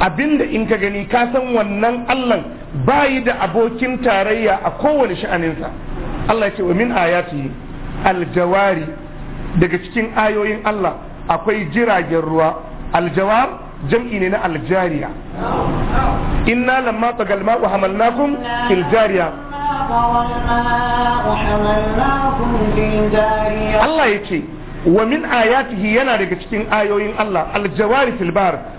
abinda in ka gani ka san wannan Allah bayi da abokin tarayya a kowane sha'aninsa Allah ce wa min ayati aljawari daga cikin ayoyin Allah akwai jiragen ruwa aljawar jam'i ne na aljariya inna lamma tagal wa hamalnakum fil jariya Allah ya wa min ayatihi yana daga cikin ayoyin Allah aljawari fil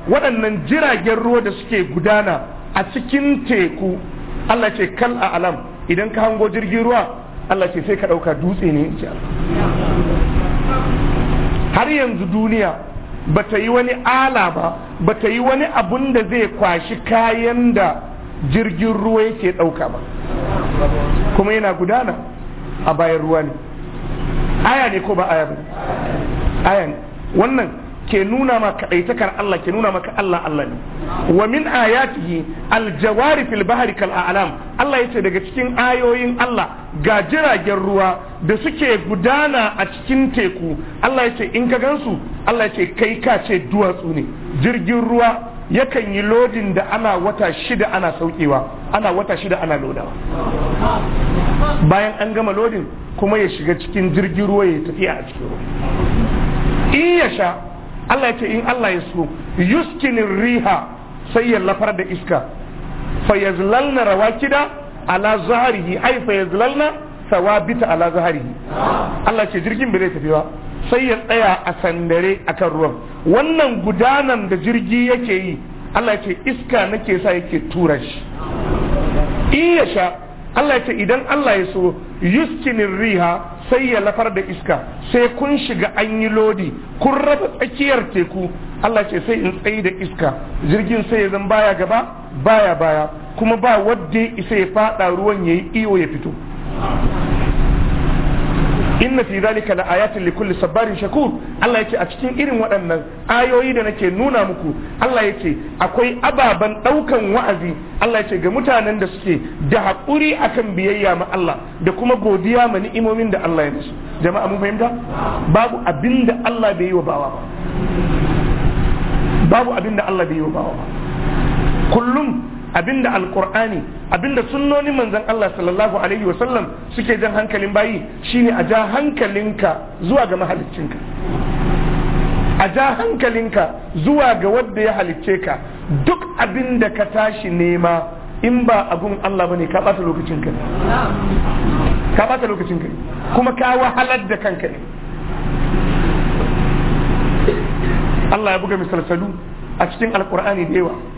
waɗannan jiragen ruwa da suke gudana a cikin teku Allah ce kal a alam idan ka hango jirgin ruwa Allah ce sai ka ɗauka dutse ne har yanzu duniya ba ta yi wani ala ba ba ta yi wani abun da zai kwashi kayan da jirgin ruwa yake ɗauka ba kuma yana gudana a bayan ruwa ne aya ne ko ba aya ba aya ne wannan ke nuna ma kaɗaitakar Allah ke nuna maka Allah Allah ne wa min ayatihi aljawari fil bahri kal a'lam Allah yace daga cikin ayoyin Allah ga jiragen ruwa da suke gudana a cikin teku Allah yace in ka gansu Allah yace kai ka ce duwatsu ne jirgin ruwa yakan yi lodin da ana wata shida ana saukewa ana wata shida ana lodawa bayan an gama lodin kuma ya shiga cikin jirgin ruwa ya tafiya a cikin ruwa in ya sha Allah ya ce in Allah ya so yuskinin riha sai ya lafar da iska fayazlalna rawakida ala zaharihi ai fayazlalna sawabita ala zaharihi Allah ce jirgin bai zai tafi ba sai ya tsaya a sandare akan ruwan wannan gudanan da jirgi yake yi Allah ya ce iska nake sa yake tura shi in ya sha Allah ya ce idan Allah ya so yuskinin riha sai ya lafar da iska sai kun shiga an yi lodi kun rasa tsakiyar teku Allah ce sai in tsayi da iska jirgin sai ya zan baya gaba baya baya kuma ba wadda isa ya fada ruwan ya yi iyo ya fito inna fi zalika la ayatin li kulli sabarin shakur Allah yake a cikin irin waɗannan ayoyi da nake nuna muku Allah yake akwai ababan ɗaukan wa'azi Allah yake ga mutanen da suke da haƙuri akan biyayya ma Allah da kuma godiya ma ni'imomin da Allah ya musu jama'a mun fahimta babu abin da Allah bai yi wa bawa ba babu abin da Allah bai yi wa bawa ba kullum abinda alqur'ani abinda sunnoni manzon Allah sallallahu alaihi wa sallam suke jan hankalin bayi shine a ja hankalinka zuwa ga mahaliccinka a ja hankalinka zuwa ga wanda ya halicce ka duk abinda ka tashi nema in ba abun Allah bane ka bata lokacinka ka bata lokacinka kuma ka wahalar da kanka ne Allah ya buga misalsalu a cikin alkur'ani da yawa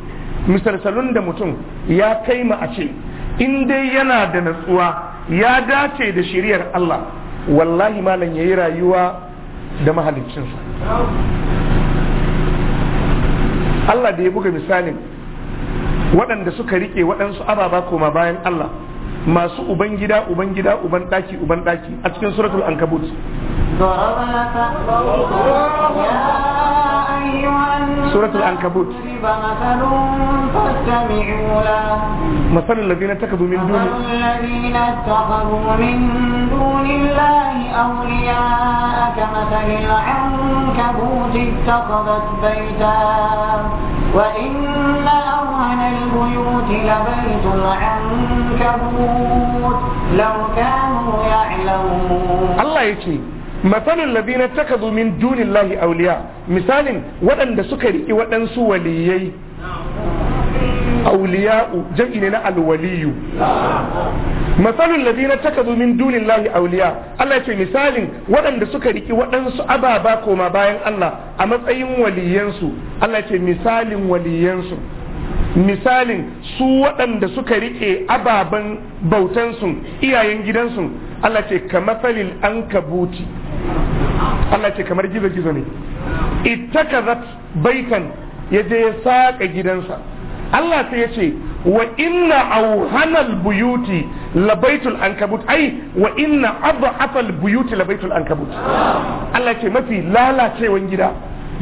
misalsalun da mutum ya kai ma a ce in dai yana da natsuwa ya dace da shiriyar Allah wallahi malam ya yi rayuwa da mahaliccinsa Allah da ya buga misalin waɗanda suka riƙe waɗansu ababa koma bayan Allah masu uban gida uban gida uban ɗaki uban ɗaki a cikin suratul ankabut سورة الأنكبوت مثل الذين اتخذوا من دون الذين اتخذوا من دون الله أولياء كمثل العنكبوت اتخذت بيتا وإن أرهن البيوت لبيت العنكبوت لو كانوا يعلمون الله يكفي matsalin labina ta ka min dunin lahi misalin waɗanda suka riƙi waɗansu waliyai auliya'u jam'i ne na alwaliyu matsalin ladina takadu min dunin lahi Allah ce misalin waɗanda suka riki waɗansu ababa koma bayan Allah a matsayin waliyansu Allah ce misalin waliyansu misalin su waɗanda suka riƙe ababen bautansu iyayen gidansu Allah ce ka mafalin an kabuti Allah ce kamar gizo gizo ne ittakazat baitan ya je ya saka gidansa Allah sai ya ce wa inna auhanal buyuti la baitul ankabut ai wa inna adhafal buyuti la baitul ankabut Allah ce mafi lalacewan gida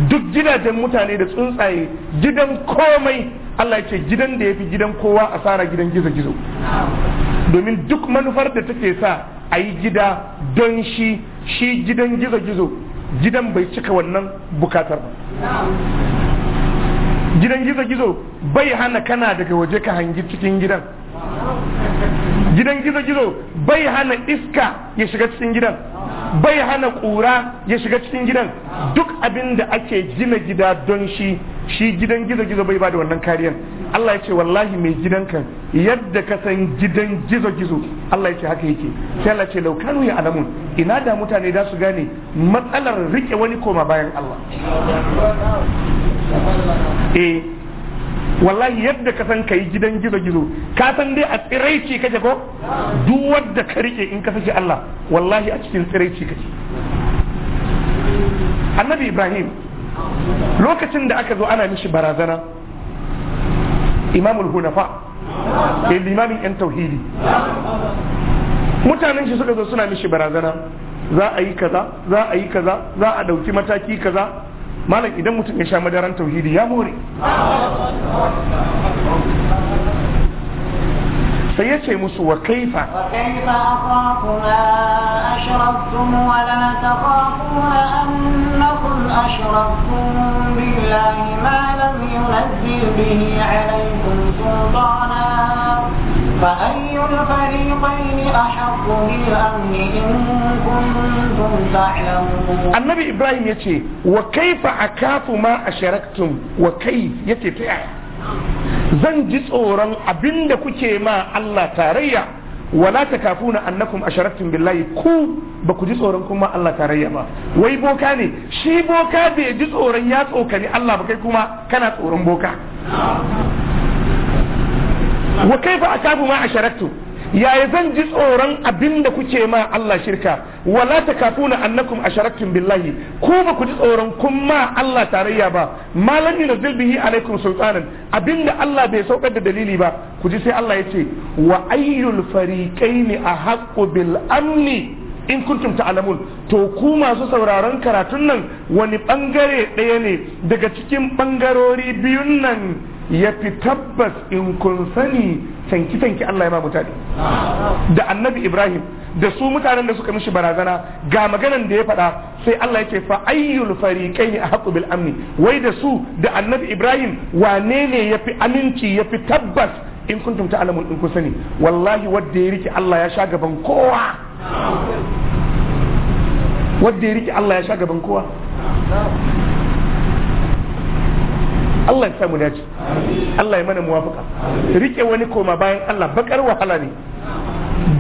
duk gidajen mutane da tsuntsaye gidan komai Allah ce gidan da ya fi gidan kowa asara gidan gizo-gizo domin duk manufar da take sa ayi gida don shi shi gidan gizo-gizo gidan bai cika wannan bukatar ba gidan gizo-gizo bai hana kana daga waje ka hangi cikin gidan gidan gizo-gizo bai hana iska ya shiga cikin gidan bai hana ƙura ya shiga cikin gidan duk abin da ake gina gida don shi shi gidan gizo-gizo bai ba da wannan kariyar Allah ya ce wallahi mai gidanka yadda ka san gidan gizo gizo Allah ya ce haka yake sai Allah ce laukanu ya alamun ina da mutane da su gane matsalar rike wani koma bayan Allah eh wallahi yadda ka san kai gidan gizo gizo ka san dai a tsiraici kake ko duk wanda ka rike in ka saki Allah wallahi a cikin tsiraici kake annabi Ibrahim lokacin da aka zo ana mishi barazana imamul hunafa eh limamin yan tauhidi mutanen shi suka zo suna mishi barazana za a yi kaza za a yi kaza za a dauki mataki kaza malam idan mutum ya sha madaran tauhidi ya more sai ya ce musu wa kaifa أشركتم ولا تخافون أنكم أشركتم بالله ننزل به عليكم سلطانا فأي الفريقين أحق بالأمن إن كنتم تعلمون النبي إبراهيم يتي وكيف أكاف ما أشركتم وكيف يتي زan ji tsoron abin da kuke ma Allah wala takafuna annakum asharaktum billahi ku ba ku ji tsoron kuma Allah tarayya ba wai boka ne shi boka bai ji tsoron ya tsokani Allah ba kai kuma kana tsoron boka wa kaifa akafu ma asharaktum yaya zan ji tsoron abin da kuke ma Allah shirka wala ta annakun a asharaktum billahi ko ba ku ji tsoron kun ma Allah tarayya ba malam yunzil alaikum abin abinda Allah bai saukar da dalili ba ku ji sai Allah ya ce wa ayyul fariqaini a bil amni in kuntum ta'lamun to ku masu sauraron karatun nan wani ɓangare ɗaya ne daga cikin ɓangarori biyun nan ya fi tabbas in kun sani sanki sanki Allah ya ba mutane da annabi Ibrahim da su mutanen da suka mishi barazana ga maganan da ya faɗa sai Allah ya ce fa ayyul fariqain ahqqu bil amni wai da su da annabi Ibrahim wane ne yafi aminci yafi tabbas in kuntum ta'lamun in kun sani wallahi wanda ya rike Allah ya sha gaban kowa wanda ya rike Allah ya sha gaban kowa Allah ya samu dace Allah ya mana muwafaka rike wani koma bayan Allah bakar wahala ne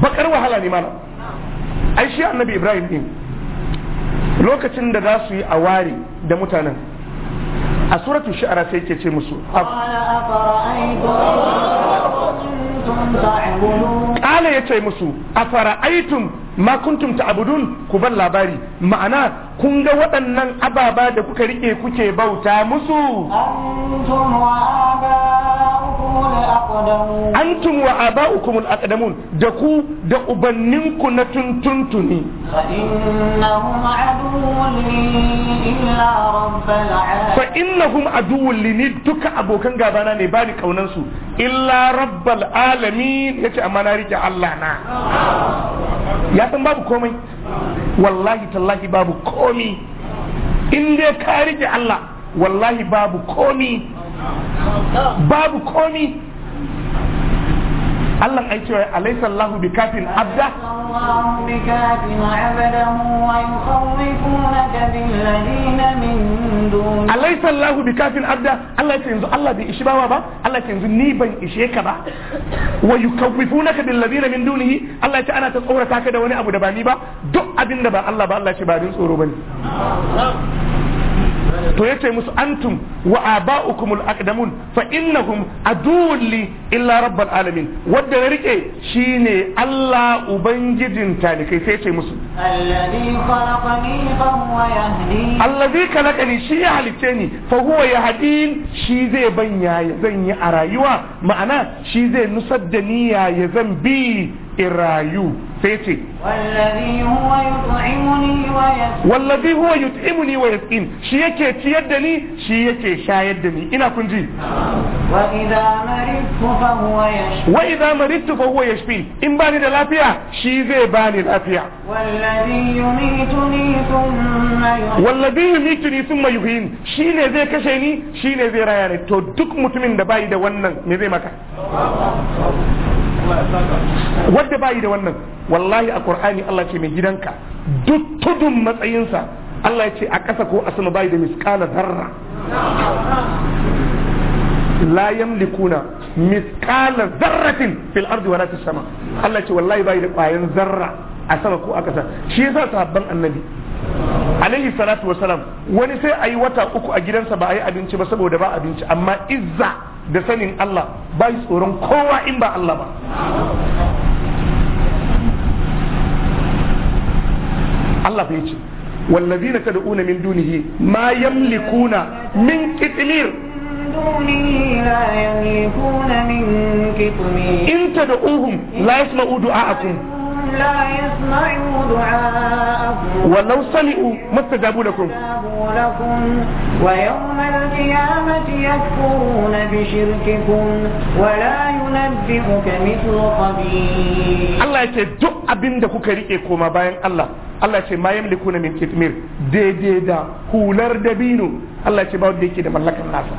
bakar wahala ne mana ai shi annabi Ibrahim din lokacin da za su yi awari da mutanen a suratul shi'ara sai yake ce musu qala ce musu afara'aytum ma kuntum ta'budun ku ban labari ma'ana kun ga waɗannan ababa da kuka riƙe kuke bauta musu antum wa aba'ukum al-aqdamun da ku da ubanninku na tuntuntuni fa innahum aduwwun li ni duka abokan gabana ne ba ni kaunan su illa rabbal alamin yace amma na rike Allah na ya san babu komai wallahi tallahi babu komi in dai ka rike Allah wallahi babu komi babu komi Allah ai cewa alaysa Allah bi kafin abda Allah bi kafin abdahu wa yukhawifunaka bil ladina min dun Alaysa Allah bi kafin abda Allah ce yanzu Allah bai ishi bawa ba Allah ce yanzu ni ban ishe ka ba wa yukhawifunaka bil ladina min dunihi Allah ce ana ta tsorata ka da wani abu da ba ni ba duk abin da ba Allah ba Allah ce ba din tsoro bane to ce musu antum wa aba'ukumul aqdamun fa innahum aduwwun li illa rabbal alamin wanda ya rike shine Allah ubangijin talikai sai yace musu alladhi khalaqani fa huwa yahdini alladhi shi ya halice ni fa huwa yahdin shi zai ban ya zan yi a rayuwa ma'ana shi zai nusar da niyya ya zan bi in rayu sai ce wallazi huwa yut'imuni wa yasqin shi yake ciyar da ni shi yake shayar da ni ina kun ji wa idza maridtu fa huwa yashfi in bani da lafiya shi zai bani lafiya wallazi yumituni thumma wallazi yumituni thumma yuhyin shi ne zai kashe ni shi ne zai raya ni to duk mutumin da bai da wannan me zai maka Wanda bai da wannan wallahi a qur'ani Allah ce mai gidanka duk tudun matsayinsa Allah ya ce a ƙasa ko a sama bai da misƙala zarra la yamlikuna misqala zarratin fil ardi wala fis sama Allah ce wallahi bai da ƙwayan zarra a sama ko a ƙasa shi yasa sahabban annabi alaihi salatu wasalam wani sai a yi wata uku a gidansa ba a yi abinci ba saboda ba abinci amma izza da sanin Allah bai tsoron kowa in ba Allah ba Allah fa na wallazina tad'una min dunihi ma yamlikuna min qitmir in tad'uhum la yasma'u du'a'akum لا يسمعوا دعاءكم ولو صلئوا ما استجابوا لكم ويوم القيامة يكفرون بشرككم kuka riƙe koma bayan Allah Allah ce ma yamliku na min kitmir daidai da hular dabino Allah ce ba wanda yake da mallakar nasa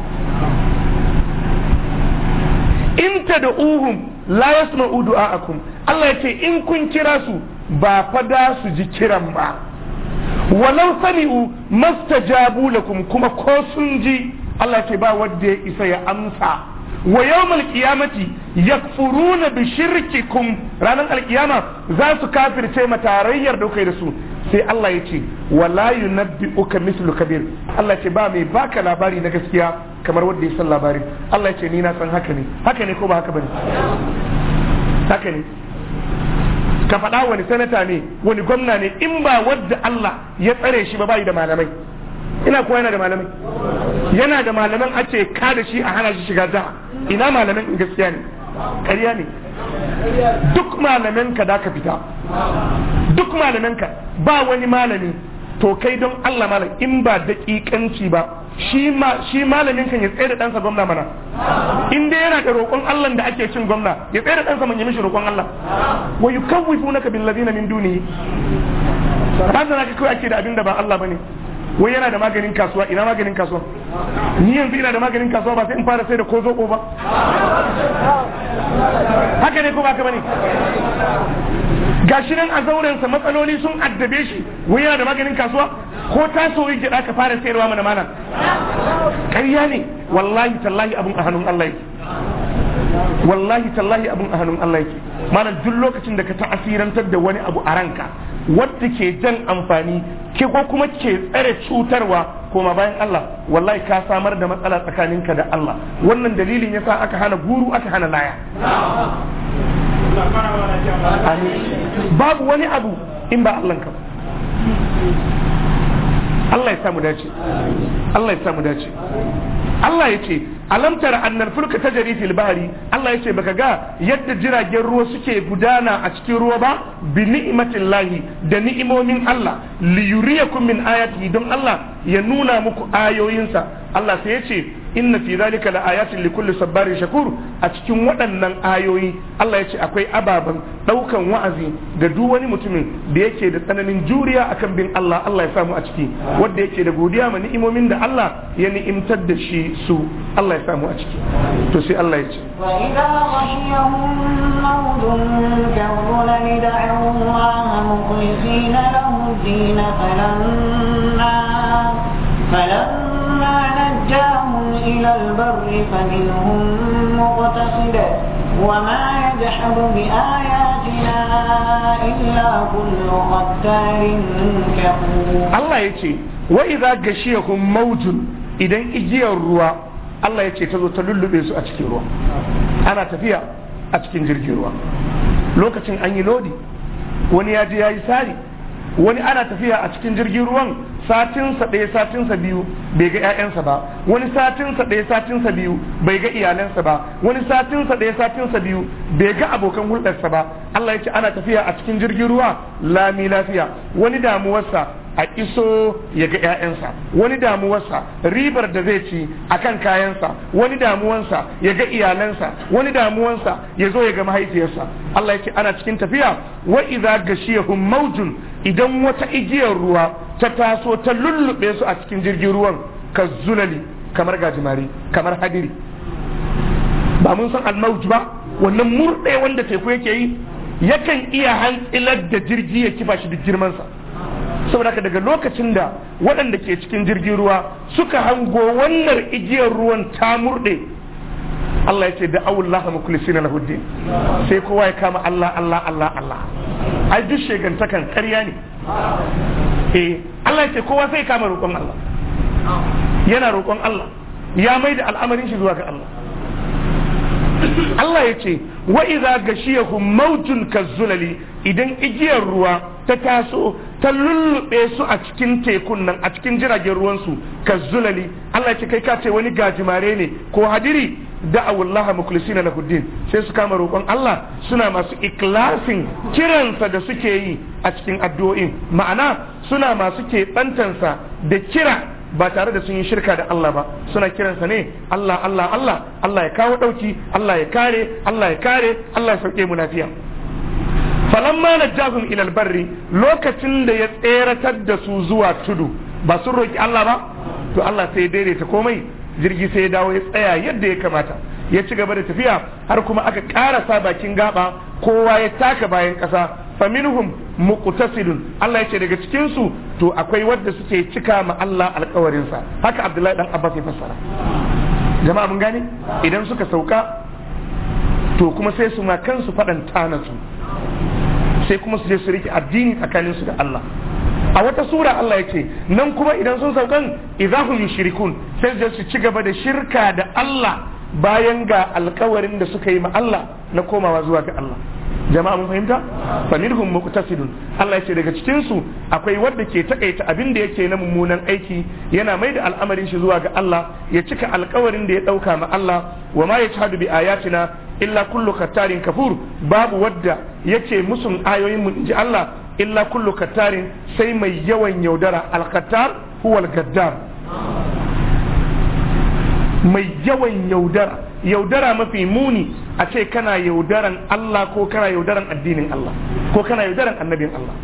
in ta da la yasma'u du'a'akum Allah yace in kun kira su ba fa da su ji kiran ba walau sami'u mastajabu lakum kuma ko sun ji Allah yace ba wanda ya isa ya amsa wa yawmal qiyamati yakfuruna bi shirkikum ranar alqiyama za su kafirce matarayyar da kai da su sai Allah ya ce wala yunabbi'uka mislu kabir Allah ce ba mai baka labari na gaskiya kamar wanda ya san labarin Allah ya ce ni na san haka ne haka ne ko ba haka bane haka ne ka faɗa wani sanata ne wani gwamna ne in ba wadda Allah ya tsare shi ba bai da malamai ina kuwa yana da malamai yana da malaman a ce ka da shi a hana shi shiga jiha ina malaman gaskiya ne ƙarya ne duk malamin ka da ka fita duk malamin ka ba wani malami to kai don Allah malam in ba daƙiƙanci ba shi malamin kan ya tsaye da ɗansa gwamna mana in dai yana da roƙon Allah da ake cin gwamna ya tsaye da ɗansa man yi mishi roƙon Allah wa ka bil ladina min duni ba zana ka kai ake da abin da ba Allah bane wai yana da maganin kasuwa ina maganin kasuwa ni yanzu ina da maganin kasuwa ba sai in fara sai da ko zoko ba haka ne ko ba ka bane gashi nan a zaurensa matsaloli sun addabe shi wai yana da maganin kasuwa ko ta so soyi gida ka fara sayarwa mana mana ƙarya ne wallahi tallahi abun a hannun Allah yake wallahi tallahi abun a hannun Allah yake malam duk lokacin da ka ta'asirantar da wani abu a ranka wadda ke jan amfani ke ko kuma ke tsare cutarwa koma bayan Allah wallahi ka samar da matsala tsakaninka da Allah wannan dalilin yasa aka hana guru aka hana laya babu wani abu in ba Allah ka Allah ya samu dace Allah ya samu dace Allah ya ce alamtar annar fulka ta jari fil bahari Allah ya ce baka ga yadda jiragen ruwa suke gudana a cikin ruwa ba bi ni'matin lahi da ni'imomin Allah li yuriyakum min ayati don Allah ya nuna muku ayoyinsa Allah sai ya ce inna fi zalika la ayatin li kulli sabari shakur a cikin waɗannan ayoyi Allah ya ce akwai ababen ɗaukan wa'azi ga duk wani mutumin da yake da tsananin juriya akan bin Allah Allah ya samu a ciki wanda yake da godiya ma ni'imomin da Allah ya ni'imtar da shi su Allah ya samu a ciki to sai Allah ya ce wa mawdun da'u Albarni fannin hunnu ta fide, wana yanzu Habibi'a ya jira, illa kunnu wata rinne gaba. Allah ya ce, wai za a gashi ya idan igiyar ruwa, Allah ya ce ta zo ta lulluɓe su a cikin ruwan, ana tafiya a cikin jirgin ruwan. Lokacin an yi lodi, wani ya je ya yi tsari, wani ana tafiya a cikin jirgin ruwan. satinsa ɗaya satinsa biyu bai ga 'ya'yansa ba wani satinsa ɗaya satinsa biyu bai ga iyalansa ba wani satinsa ɗaya satinsa biyu bai ga abokan hulɗarsa ba Allah ya ce ana tafiya a cikin jirgin ruwa lami lafiya wani damuwarsa a iso ya ga 'ya'yansa wani damuwarsa ribar da zai ci a kan kayansa wani damuwansa ya ga iyalansa wani damuwansa ya zo ya ga mahaifiyarsa Allah ya ce ana cikin tafiya wa idza gashiyahum mawjun idan wata igiyar ruwa ta taso ta lullube su a cikin jirgin ruwan ka zulali kamar gajimare kamar hadiri ba mun san almauj ba wannan murɗe wanda teku yake yi yakan iya hantsilar da jirgi ya kifa shi duk girmansa saboda haka daga lokacin da waɗanda ke cikin jirgin ruwa suka hango wannan igiyar ruwan ta murɗe Allah ya ce da laha mukulisi na din sai kowa ya kama Allah Allah Allah Allah ai duk shegantakan karya ne eh Allah ya ce kowa sai kama roƙon Allah yana roƙon Allah ya mai da al'amarin shi zuwa ga Allah Allah ya ce wa iza gashiyahum mautun kazzulali idan igiyar ruwa ta taso ta lullube su a cikin tekun nan a cikin jiragen ruwansu kazzulali Allah ya ce kai ka ce wani gajimare ne ko hadiri da'awullaha mukhlisina lahu din sai su kama roƙon Allah suna masu iklasin kiransa da suke yi a cikin addu'o'in ma'ana suna masu keɓantansa da kira ba tare da sun yi shirka da Allah ba suna kiransa ne Allah Allah Allah Allah ya kawo dauki Allah ya kare Allah ya kare Allah ya sauke mu lafiya falamma najahum ila albarri lokacin da ya tseratar da su zuwa tudu ba sun roki Allah ba to Allah sai ya daidaita komai jirgi sai ya dawo ya tsaya yadda ya kamata ya ci gaba da tafiya har kuma aka karasa bakin gaba kowa ya taka bayan ƙasa faminuhum muqtasidun Allah ya ce daga cikin su to akwai wanda suke cika ma Allah sa haka Abdullahi dan Abbas ya fassara jama'a mun gane idan suka sauka to kuma sai su ma kansu faɗanta tana su sai kuma su je su rike addini tsakanin su da Allah a wata sura Allah ya ce nan kuma idan sun saukan idahum shirikun sai su ci gaba da shirka da Allah bayan ga alkawarin da suka yi ma Allah na komawa zuwa ga Allah jama'a mun fahimta faminhum muqtasidun Allah yace daga cikin su akwai wanda ke takaita abin da yake na mummunan aiki yana mai da al'amarin shi zuwa ga Allah ya cika alƙawarin da ya dauka ma Allah wa ma yashhadu bi ayatina illa kullu kattarin kafur babu wadda yake musun ayoyin mu inji Allah illa kullu kattarin sai mai yawan yaudara al-kattar gaddar mai yawan yaudara yaudara mafi muni a ce kana yaudaran Allah ko kana yaudaran addinin Allah ko kana yaudaran annabin Allah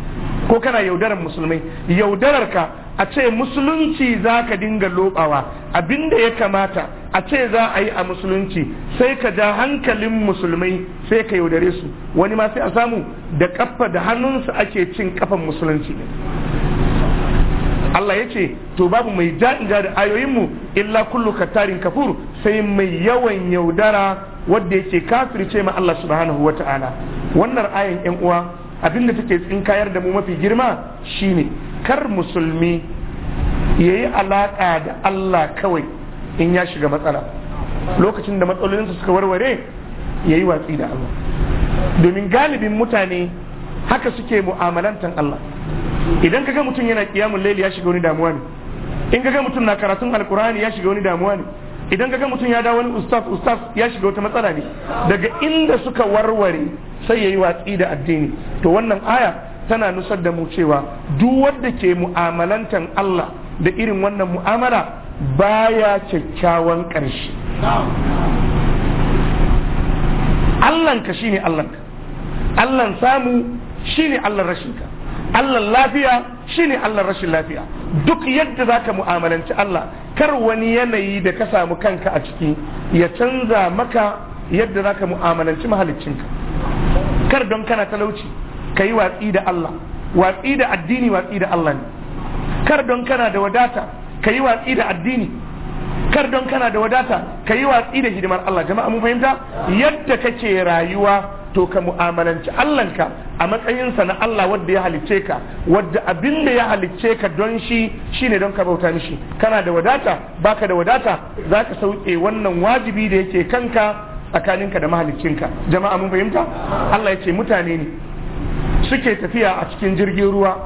ko kana yaudaran musulmai yaudarar ka a ce musulunci za ka dinga lobawa abinda ya kamata a ce za a yi a musulunci sai ka ja hankalin musulmai sai ka yaudare su wani ma sai a samu da kafa da hannunsu ake cin kafan musulunci Allah ya ce to babu mai ja'inja da ayoyinmu illa kullu katarin kafur sai mai yawan yaudara wadda yake kafirce ma Allah subhanahu wa ta'ala wannan ayan yan uwa abinda take tsinkayar da mu mafi girma shi ne. kar musulmi yayi alaƙa da Allah kawai in ya shiga matsala lokacin da matsalolinsa suka warware yayi watsi da Allah domin galibin mutane haka suke mu'amalantan Allah idan kaga mutum yana kiyamun laili ya shiga wani damuwa ne in kaga mutum na karatun alkur'ani ya shiga wani damuwa ne idan kaga mutum ya dawo wani ustaz ustaz ya shiga wata matsala ne daga inda suka warware sai yayi watsi da addini to wannan aya tana nusar da mu cewa duk wanda ke mu'amalantan Allah da irin wannan mu'amala baya kyakkyawan ƙarshe Allahnka shine Allahnka Allahn samu shine Allah rashinka Allah lafiya shine Allah rashin lafiya duk yadda zaka mu'amalanci Allah kar wani yanayi da ka samu kanka a ciki ya canza maka yadda zaka mu'amalanci mahaliccinka kar don kana talauci ka yi watsi da Allah watsi da addini watsi da Allah ne kar don kana da wadata ka yi watsi da addini kar don kana da wadata ka yi watsi da hidimar Allah jama'a mun fahimta yadda kake rayuwa to ka mu'amalanci Allahnka a matsayinsa na Allah wadda ya halicce ka wadda abin da ya halicce ka don shi shine don ka bauta mishi kana da wadata baka da wadata zaka sauke wannan wajibi da yake kanka tsakaninka da mahaliccinka jama'a mun fahimta Allah ya ce mutane ne suke tafiya a cikin jirgin ruwa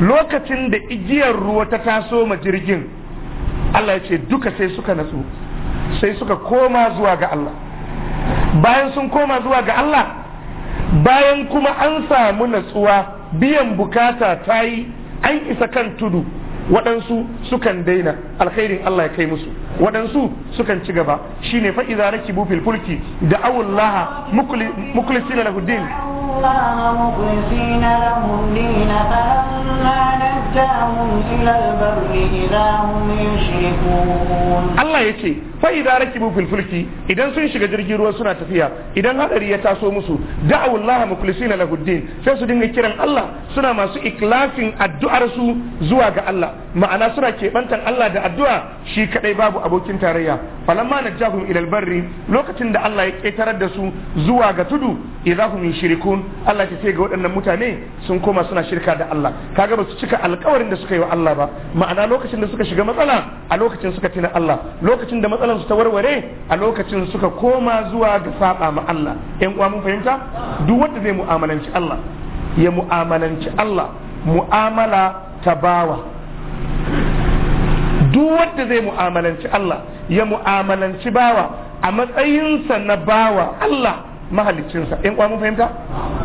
lokacin da igiyar ruwa ta taso ma jirgin Allah ya ce duka sai suka natsu sai suka koma zuwa ga Allah bayan sun koma zuwa ga Allah bayan kuma an samu natsuwa biyan bukata ta yi an isa kan tudu waɗansu sukan daina alkhairin Allah ya kai musu waɗansu sukan ci gaba shine ne idza rakibu bufil fulki da awullaha mukhlisina lahu din Allah ya ce. fa idza rakibu fil fulki idan sun shiga jirgin ruwa suna tafiya idan hadari ya taso musu da'u Allah mukhlisina lahu din sai su dinga kiran Allah suna masu ikhlasin addu'ar su zuwa ga Allah ma'ana suna kebantan Allah da addu'a shi kadai babu abokin tarayya falamma najahum ila albarri lokacin da Allah ya ketarar da su zuwa ga tudu idza hum yushrikun Allah ya ce ga waɗannan mutane sun koma suna shirka da Allah kaga ba su cika alƙawarin da suka yi wa Allah ba ma'ana lokacin da suka shiga matsala a lokacin suka tina Allah lokacin da matsalar matsalar su ta warware a lokacin suka koma zuwa ga saba ma Allah ɗan uwa mun fahimta duk wanda zai mu'amalanci Allah ya mu'amalanci Allah mu'amala ta bawa duk wanda zai mu'amalanci Allah ya mu'amalanci bawa a matsayinsa na bawa Allah mahalicinsa ɗan uwa mun fahimta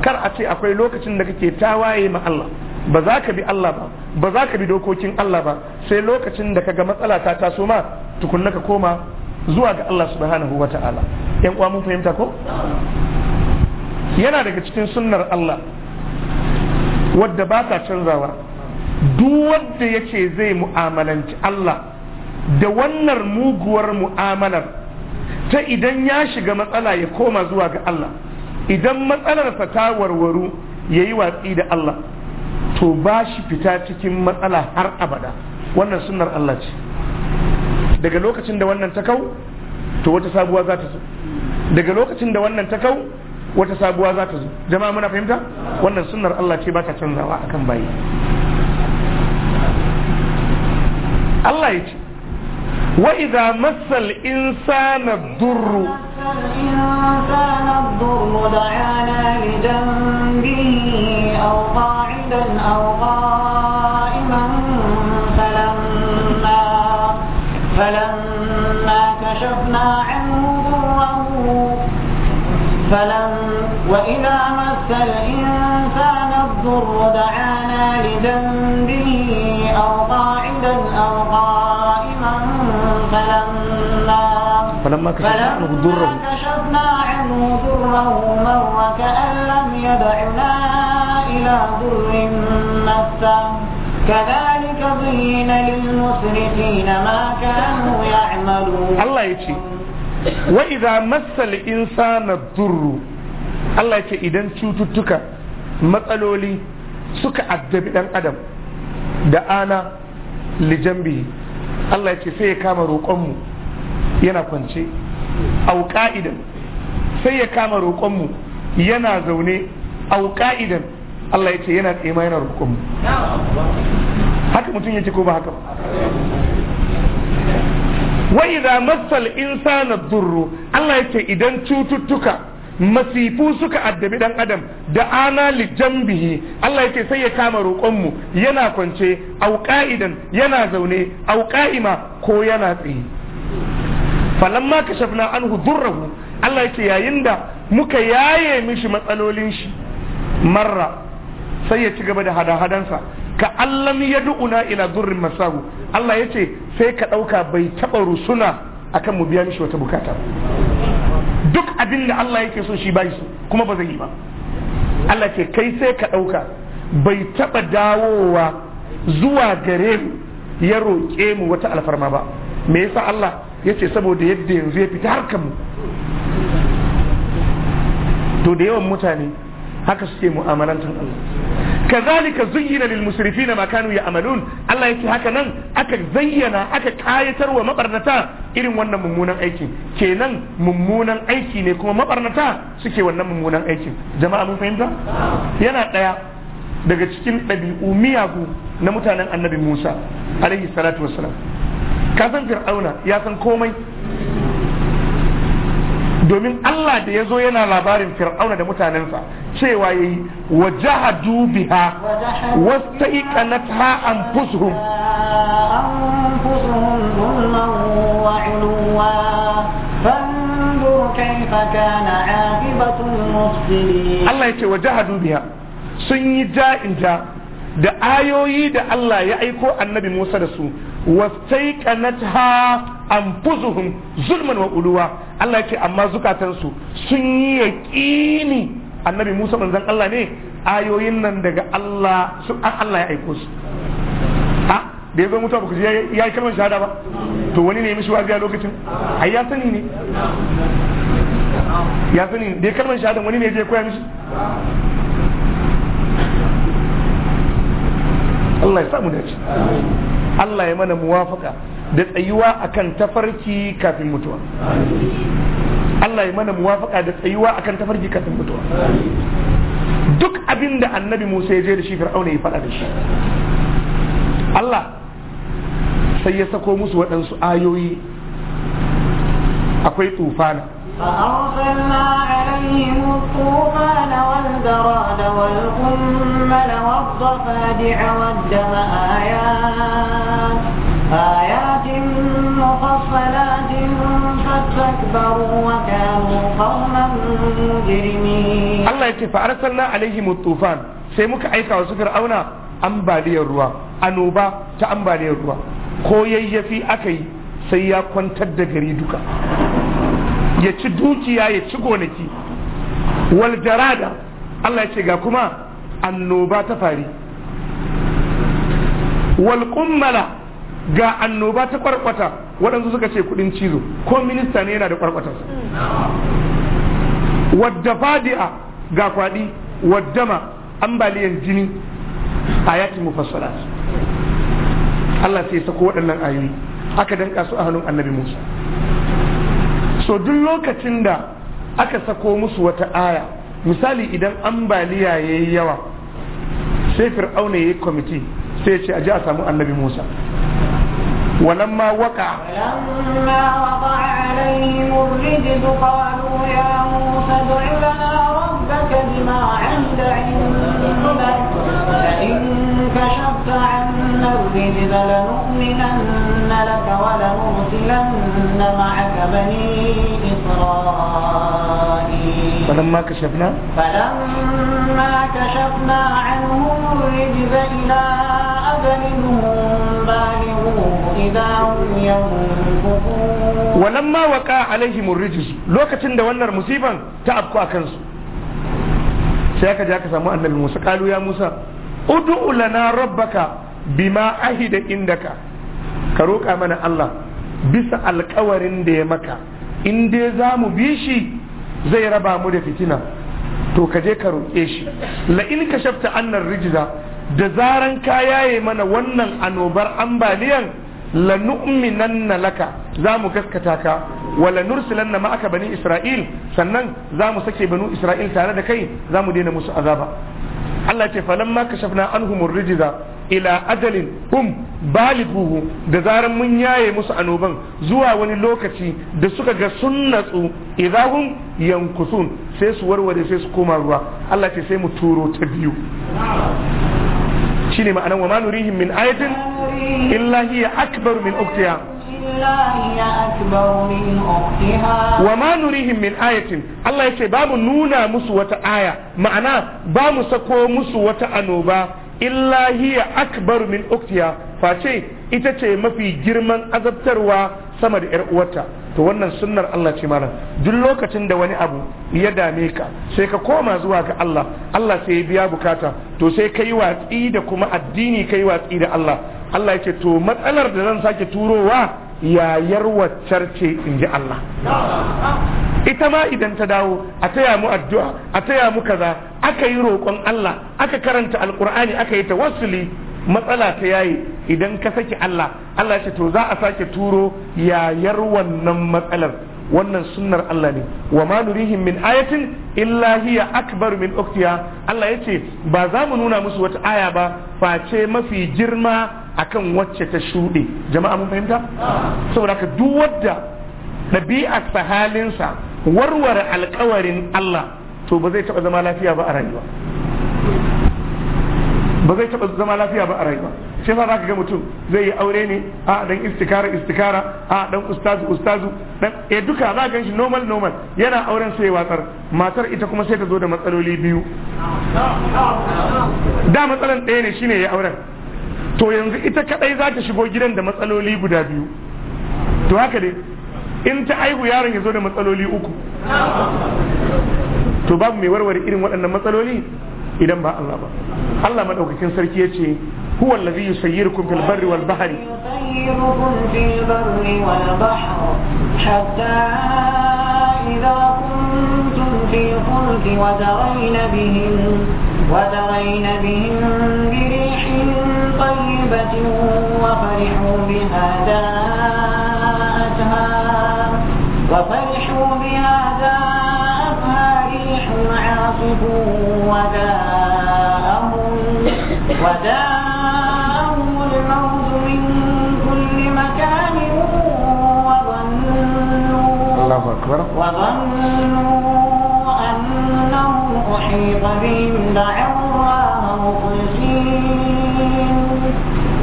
kar a ce akwai lokacin da kake tawaye ma Allah ba za ka bi Allah ba ba za ka bi dokokin Allah ba sai lokacin da kaga matsala ta taso ma tukunna ka koma zuwa ga Allah subhanahu wa ta'ala yan uwa mun fahimta ko yana daga cikin sunnar Allah wadda ba ta canzawa duk wanda yace zai mu'amalanci Allah da wannan muguwar mu'amalar ta idan ya shiga matsala ya koma zuwa ga Allah idan matsalarsa ta warwaru ya yi watsi da Allah to ba shi fita cikin matsala har abada wannan sunnar Allah ce daga lokacin da wannan ta kau to wata sabuwa za ta zo daga lokacin da wannan ta kau wata sabuwa za ta zo jama'a muna fahimta wannan sunnar Allah ce ba ta canzawa akan bayi Allah ya ce wa idza massal insana durru الإنسان الضر فلم وإذا مس الإنسان الضر دعانا لجنبه أو قاعدا أو قائما فلما فلما كشفنا عنه ضره كشفنا عنه ضره مر كأن لم يدعنا إلى ضر مسه كذلك المسرفين للمسرفين ما كانوا يعملون الله يجي وإذا مس الإنسان الضر الله يجي إذا تشوتتك matsaloli suka addabi ɗan adam da ana lijambi Allah ya ce sai ya kama roƙonmu yana kwance au ka'idan sai ya kama roƙonmu yana zaune au ka'idan Allah ya ce yana tsema yana roƙonmu haka mutum yake ko ba haka ba wa idza masal insana durru Allah yake idan cututtuka masifu suka addabi dan adam da ana li jambihi Allah yake sai ya kama roƙonmu yana kwance au qa'idan yana zaune au qa'ima ko yana tsaye falamma kashafna anhu durrahu Allah yake yayin da muka yaye mishi matsalolin shi marra sai ya ci gaba da hada-hadansa ka allam ya du'una ila durrin masahu Allah ya ce sai ka ɗauka bai taɓa rusuna akan mu biya mishi wata bukata duk abin da Allah yake so shi bai su kuma ba zai yi ba Allah ce kai sai ka ɗauka bai taɓa dawowa zuwa gare mu ya roƙe mu wata alfarma ba me yasa Allah ya ce saboda yadda yanzu ya fita harkar mu to da yawan mutane haka suke mu'amalantar Allah kazalika zuyyina lil musrifina ma ya ya'malun Allah yake haka nan aka zayyana aka kayatar wa mabarnata irin wannan mummunan aiki kenan mummunan aiki ne kuma mabarnata suke wannan mummunan aiki. jama'a mun fahimta yana daya daga cikin ɗabi'u miyagu na mutanen annabi Musa alaihi salatu wassalam ka san fir'auna ya san komai domin Allah da ya zo yana labarin fir'auna da mutanensa cewa yi wa jahadu biha wasu ta anfusuhum dhulman wa an كيف Allah ya ce wa يتي وجهدوا بها sun yi ja'in ja da ayoyi da Allah ya aiko annabi Musa da su yi kanata anfusuhum zulman wa uluwa Allah ya ce amma zukatansu sun yi yaƙini annabi Musa manzon Allah ne ayoyin nan daga Allah su an Allah ya aiko su a da ya zo mutuwa ku ya yi kalmar shahada ba to wani ne mishi wajiya lokacin ai ya sani ne ya sani da ya kalmar shahada wani ne je koya mishi Allah ya samu dace Allah ya mana muwafaka da tsayuwa akan tafarki kafin mutuwa Allah ya mana muwafaka da tsayuwa akan tafarki kafin mutuwa duk abin da annabi Musa ya je da shi fir'auna ya faɗa da shi Allah sai ya sako musu waɗansu ayoyi akwai tufana فأرسلنا عليهم الطوفان والجراد والقمل والضفادع والدم آيات آيات مفصلات Allah ya ce fa alaihi alaihim tufan sai muka aika wa su fir'auna ambaliyar ruwa annoba ta ambaliyar ruwa ko yayyafi aka yi sai ya kwantar da gari duka ya ci dukiya ya ci gonaki wal jarada Allah ya ce ga kuma annoba ta fari wal kummala ga annoba ta kwarkwata waɗansu suka ce kuɗin cizo ko minista ne yana da kwarkwatarsa wadda fadi'a ga kwaɗi waddama ambaliyar jini a ayatin mufassalat Allah sai sako waɗannan ayoyi aka danka su a hannun annabi Musa so duk lokacin da aka sako musu wata aya misali idan ambaliya ya yi yawa sai fir'auna ya yi kwamiti sai ce a ji a samu annabi Musa ولما وقع ولما وقع عليهم الرجز قالوا يا موسى ادع لنا ربك بما عند عندك فإن كشفت عنا الرجز لنؤمنن لك ولنرسلن معك بني إسرائيل فلما كشفنا فلما كشفنا عنهم الرجز إلى أجل هم Wannan mawaƙa ينفقون ولما وقع lokacin da wannan musiban ta afku a su sai aka je aka samu annabi Musa kalu ya Musa ud'u lana rabbaka bima ahida indaka ka roƙa mana Allah bisa alƙawarin da ya maka in dai za mu bi shi zai raba mu da fitina to ka je ka roƙe shi la in kashafta annar rijiza da zaran ka yaye mana wannan annobar ambaliyan lanu'minanna laka za mu gaskata ka wala nursilanna ma'aka bani isra'il sannan za mu sake banu isra'il tare da kai za mu daina musu azaba Allah ce falamma kashafna anhumur rijiza ila ajalin hum balighuhu da zarar mun yaye musu anoban zuwa wani lokaci da suka ga sunnatsu idahum yankusun sai su warware sai su koma ruwa Allah ce sai mu turo ta biyu ne ma'anar wa ma nurihim min ayatin إلا هي أكبر من أختها wa ma nurihim min ayatin Allah ya ce ba mu nuna musu wata aya ma'ana ba mu sako musu wata anoba illa hiya akbar min uktiya face ita ce mafi girman azabtarwa sama da yar uwarta to wannan sunnar Allah ce malam duk lokacin da wani abu ya dame ka sai ka koma zuwa ga Allah Allah sai ya biya bukata to sai kai watsi da kuma addini kai watsi da Allah Allah yake to matsalar da zan sake turowa yayar waccar ce in ji Allah ita ma idan ta dawo a taya mu addu'a a taya mu kaza aka yi roƙon Allah aka karanta alƙur'ani aka yi tawassuli matsala ta yayi idan ka saki Allah Allah ya ce to za a sake turo yayar wannan matsalar wannan sunnar Allah ne wa ma nurihim min ayatin illa hiya akbar min uktiya Allah yace ba za mu nuna musu wata aya ba face mafi girma akan wacce ta shuɗe jama'a mun fahimta saboda ka duk wadda ta halinsa warware alkawarin Allah to ba zai taɓa zama lafiya ba a rayuwa ba zai taɓa zama lafiya ba a rayuwa shi yasa zaka ga mutum zai yi aure ne a dan istikara istikara a dan ustazu ustazu dan eh duka za ka shi normal normal yana auren sai watsar matar ita kuma sai ta zo da matsaloli biyu da matsalan ɗaya ne shine ya auren to yanzu ita kadai za ta shigo gidan da matsaloli guda biyu to haka dai in ta aihu yaron ya zo da matsaloli uku to babu mai warware irin waɗannan matsaloli idan ba Allah ba Allah madaukakin sarki yace huwa allazi yusayyirukum fil barri wal bahri yusayyirukum fil barri wal bahri hatta idza kuntum fil fulki wa tarayna bihim wa tarayna bihim bi rihin tayyibatin wa farihu biha da'atha wa farihu biha ريح عاصف وذا الموت من كل مكان وظنوا الله أكبر وظنوا أحيط بهم دعوا الله مخلصين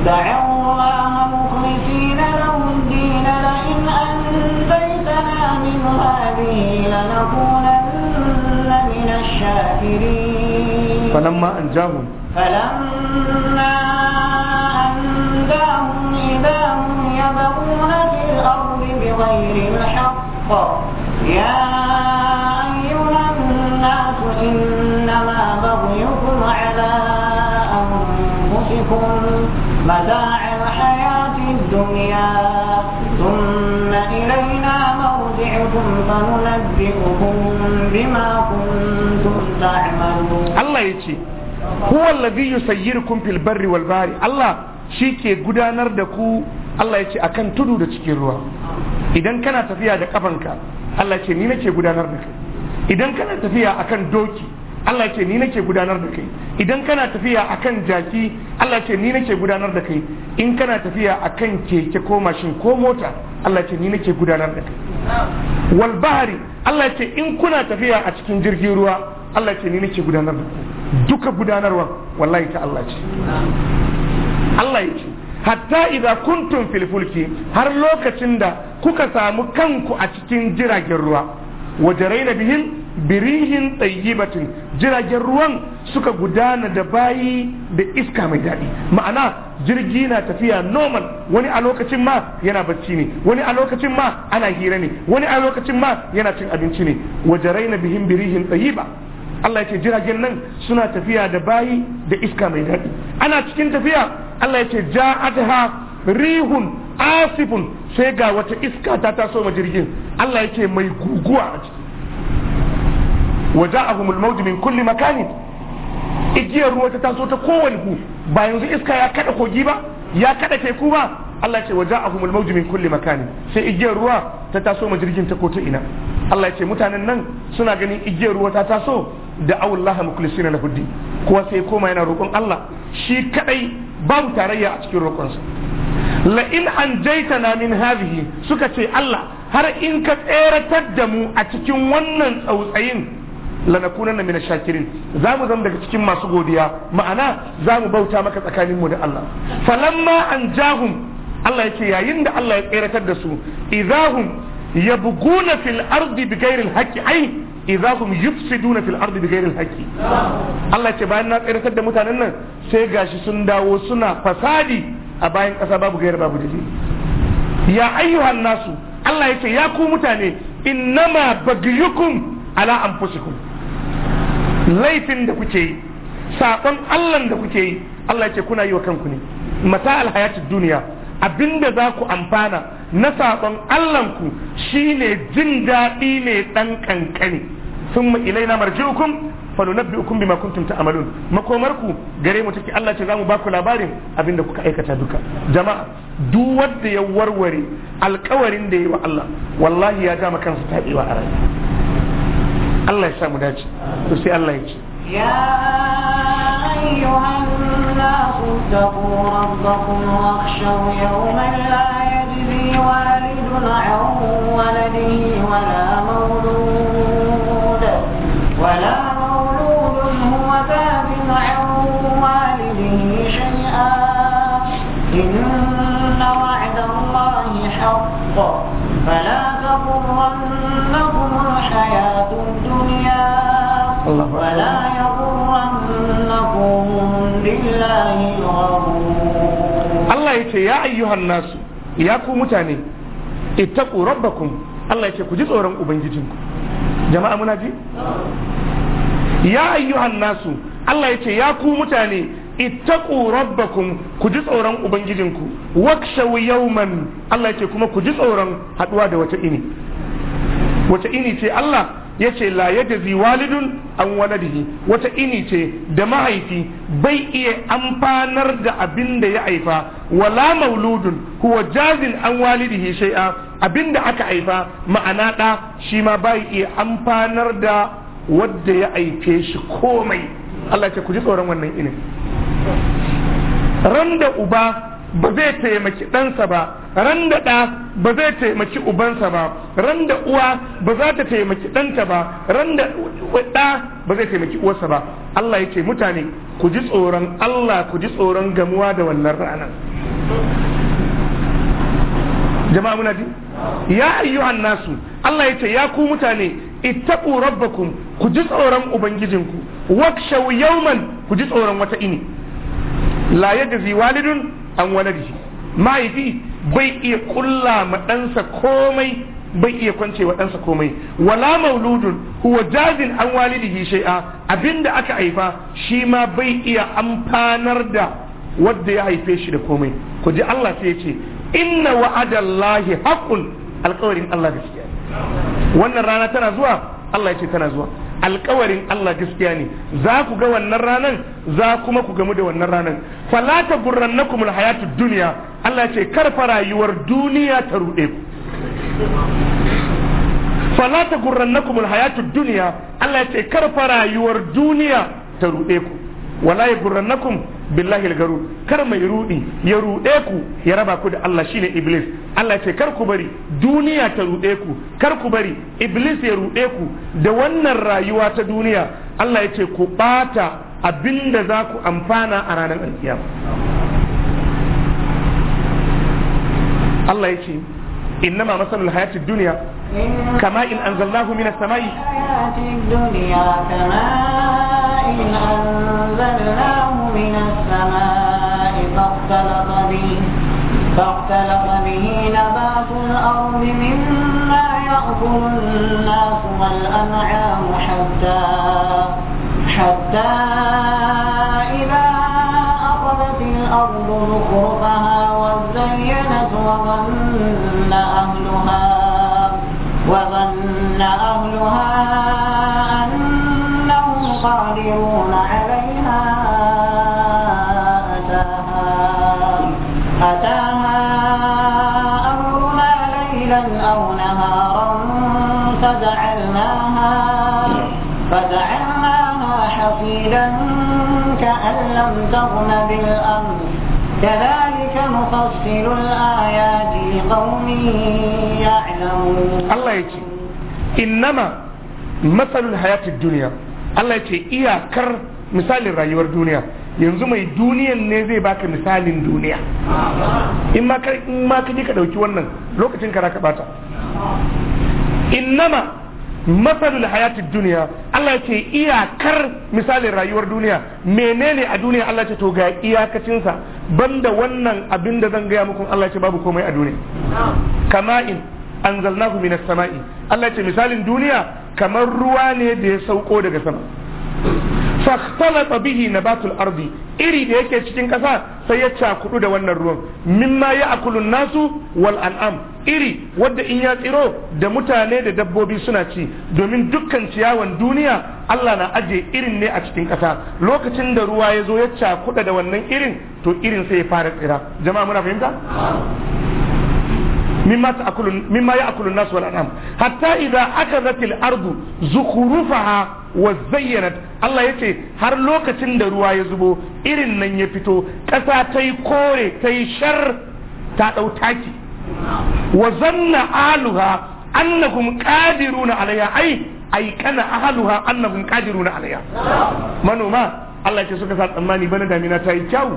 دعوا الله مخلصين لئن من لنكونن من الشاكرين فلما أنجاهم فلما بغير الحق يا أيها الناس إنما بغيكم على أنفسكم متاع الحياة الدنيا ثم إلينا مرجعكم فننبئكم بما كنتم تعملون الله يجي هو الذي يسيركم في البر والبحر الله shi ke gudanar da ku Allah ya ce a kan tudu da cikin ruwa idan kana tafiya da kafanka Allah ce ni nake gudanar da kai idan kana tafiya akan doki Allah ce ni nake gudanar da kai idan kana tafiya akan jaki Allah ce ni nake gudanar da kai in kana tafiya akan keke ko mashin ko mota Allah ce ni nake gudanar da kai wal bahari Allah ce in kuna tafiya a cikin jirgin ruwa Allah ce ni nake gudanar da kai duka gudanarwa wallahi ta Allah ce Allah ya ce hatta idza kuntum fil fulki har lokacin da kuka samu kanku a cikin jiragen ruwa wajaraina bihim birihin tayyibatin jiragen ruwan suka gudana da bayi da iska mai daɗi ma'ana jirgi na tafiya normal wani a lokacin ma yana bacci ne wani a lokacin ma ana hira ne wani a lokacin ma yana cin abinci ne wajaraina bihim birihin tayyiba Allah ya ce jiragen nan suna tafiya da bayi da iska mai daɗi ana cikin tafiya Allah ya ce ja'adha rihun asifun sai ga wata iska ta taso ma jirgin Allah ya ce mai guguwa a ciki waja'ahumul mawj min kulli makani, igiyar ruwa ta taso ta kowane ku ba yanzu iska ya kada kogi ba ya kada teku ba Allah ya ce waja a humul mawji min kulli makani sai igiyar ruwa ta taso ma jirgin ta ko ta ina Allah ya ce mutanen nan suna ganin igiyar ruwa ta taso da awullaha mukhlisina lahu din kuwa sai koma yana roƙon Allah shi kadai babu tarayya a cikin roƙonsa la in anjaytana min hadhihi suka ce Allah har in ka tseratar da mu a cikin wannan tsautsayin lanakunanna min shakirin za mu zama daga cikin masu godiya ma'ana za mu bauta maka tsakanin mu da Allah falamma an Allah yake yayin da Allah ya tseratar da su idahum na fil ardi bighairi alhaqi ai idahum yufsiduna fil ardi bighairi alhaqi Allah ce bayan na tsiratar da mutanen nan sai gashi sun dawo suna fasadi a bayan kasa babu gairi babu dalili ya ayyuhan nasu Allah ya ce ya ku mutane innama bagyukum ala anfusikum laifin da kuke yi saƙon Allah da kuke yi Allah ya ce kuna yi wa kanku ne mata alhayatid duniya abinda za ku amfana na saƙon allahnku shine jin daɗi ne ɗan ƙanƙani sun na ilaina marji'ukum falunabbi'ukum makuntun ta ta'malun makomarku gare mu take Allah ce zamu baku labarin abinda kuka aikata duka jama'a duk wanda ya warware alƙawarin da yayi wa Allah wallahi ya ga kansa tabewa a rai Allah ya sa mu dace to sai Allah ya ce يا أيها الناس اتقوا ربكم واخشوا يوما لا يجزي والد عن ولده ولا مولود Allah ya ce ya ayyuhan nasu ya ku mutane ittaqu rabbakum Allah ya ce ku ji tsoron ubangijinku jama'a muna ji ya ayyuhan nasu Allah ya ce ya ku mutane ittaqu rabbakum ku ji tsoron ubangijinku wakshaw yawman Allah ya ce kuma ku ji tsoron haduwa da wata ini wata ini ce Allah ya ce la ya jazi walidun an waladihi wata ini ce da mahaifi bai iya amfanar da abin da ya haifa wala mauludun huwa jazin an walidihi shai'a abin da aka haifa ma'ana ɗa shi ma bai iya amfanar da wadda ya aife shi komai Allah ce ku ji tsoron wannan inin ran da uba ba zai taimaki ɗansa ba ran da ɗa ba zai taimaki ubansa ba ran da uwa ba za ta taimaki ɗanta ba ran da ɗa ba zai taimaki uwarsa ba Allah ya ce mutane ku ji tsoron Allah ku ji tsoron gamuwa da wannan ranar jama'a muna ji ya ayyuhan nasu Allah ya ce ya ku mutane ittaqu rabbakum ku ji tsoron ubangijinku wakshaw yawman ku ji tsoron wata ini la yajzi walidun an wani da shi mahaifi bai iya kulla ma ɗansa komai bai iya kwance wa ɗansa komai wala mauludun huwa jazin an walidihi shay'a abinda aka haifa shi ma bai iya amfanar da wadda ya haife shi da komai ku ji Allah sai ya ce inna wa'adallahi haqqun alƙawarin Allah gaskiya wannan rana tana zuwa Allah ya ce tana zuwa alkawarin Allah gaskiya ne za ku ga wannan ranan za kuma ku gamu da wannan ranan fala na kuma hayatu duniya Allah ce karfa rayuwar duniya ta rude ku fala na kuma hayatu duniya Allah ce karfa rayuwar duniya ta rude ku wala ya kuma billahi garu kar mai rudi ya rude ku ya raba ku da Allah shine iblis Allah ce kar ku bari duniya ta rude ku kar ku bari iblis ya rude ku da wannan rayuwa ta duniya Allah ya ce ku bata abinda za ku amfana a ranar alkiyama Allah ya ce إنما مثل الحياة الدنيا كما إن أنزلناه من السماء الحياة الدنيا كما إن أنزلناه من السماء فاختلط به فاختلط به نبات الأرض مما يأكل الناس والأنعام حتى حتى إذا أخذت الأرض زخرفها وزينت وظن أهلها وظن أهلها أنهم قادرون Allah ya ce innama matsalin duniya Allah ya ce iyakar misalin rayuwar duniya yanzu mai duniyan ne zai baka misalin duniya in ma ka ji ka ɗauki wannan lokacin ka ka bata innama matsalin hayatid duniya Allah ya ce iyakar misalin rayuwar duniya menene a duniya Allah ya ce to ga iyakacinsa banda wannan abin da zan gaya muku Allah ya ce babu komai a duniya kama'in anzalnahu minas sama'i Allah ce misalin duniya kamar ruwa ne da ya sauko daga sama fakhtalata bihi nabatul ardi iri da yake cikin kasa sai ya cakudu da wannan ruwan mimma ya'kulun nasu wal an'am iri wadda in ya tsiro da mutane da dabbobi suna ci domin dukkan ciyawan duniya Allah na aje irin ne a cikin kasa lokacin da ruwa ya zo ya cakuda da wannan irin to irin sai ya fara tsira jama'a muna fahimta mimma ta'kulu mimma ya'kulu an-nas wal anam hatta idza aka al-ardu zukhrufaha wa zayyanat Allah yace har lokacin da ruwa ya zubo irin nan ya fito ƙasa ta yi kore ta yi shar ta ɗau taki wa zanna aluha annakum qadiruna alayha ai ai kana ahluha annakum qadiruna alayha manoma Allah ya ce suka sa tsammani bana damina ta yi kyau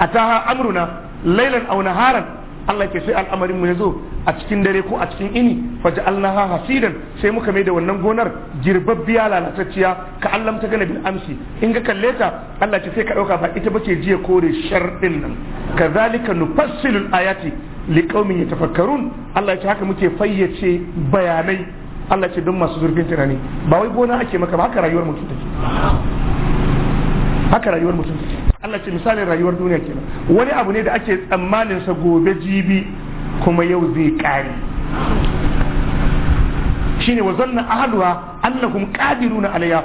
ataha amruna lailan auna haran. Allah ke sai al'amarin mu ya zo a cikin dare ko a cikin ini faj'alnaha hasidan sai muka mai da wannan gonar girbabbiya lalatacciya ka Allah ta gana bil amsi in ka kalle ta Allah ke sai ka dauka ba ita bace jiya kore sharɗin nan kazalika nufassilul ayati liqaumin yatafakkarun Allah ya ce haka muke fayyace bayanai Allah ce don masu zurfin tunani ba wai gona ake maka ba haka rayuwar mutum take haka rayuwar mutum take Allah ce misalin rayuwar duniya kenan wani abu ne da ake tsammanin sa gobe jibi kuma yau zai kare shine wa zanna ahaduwa annahum qadiruna alayya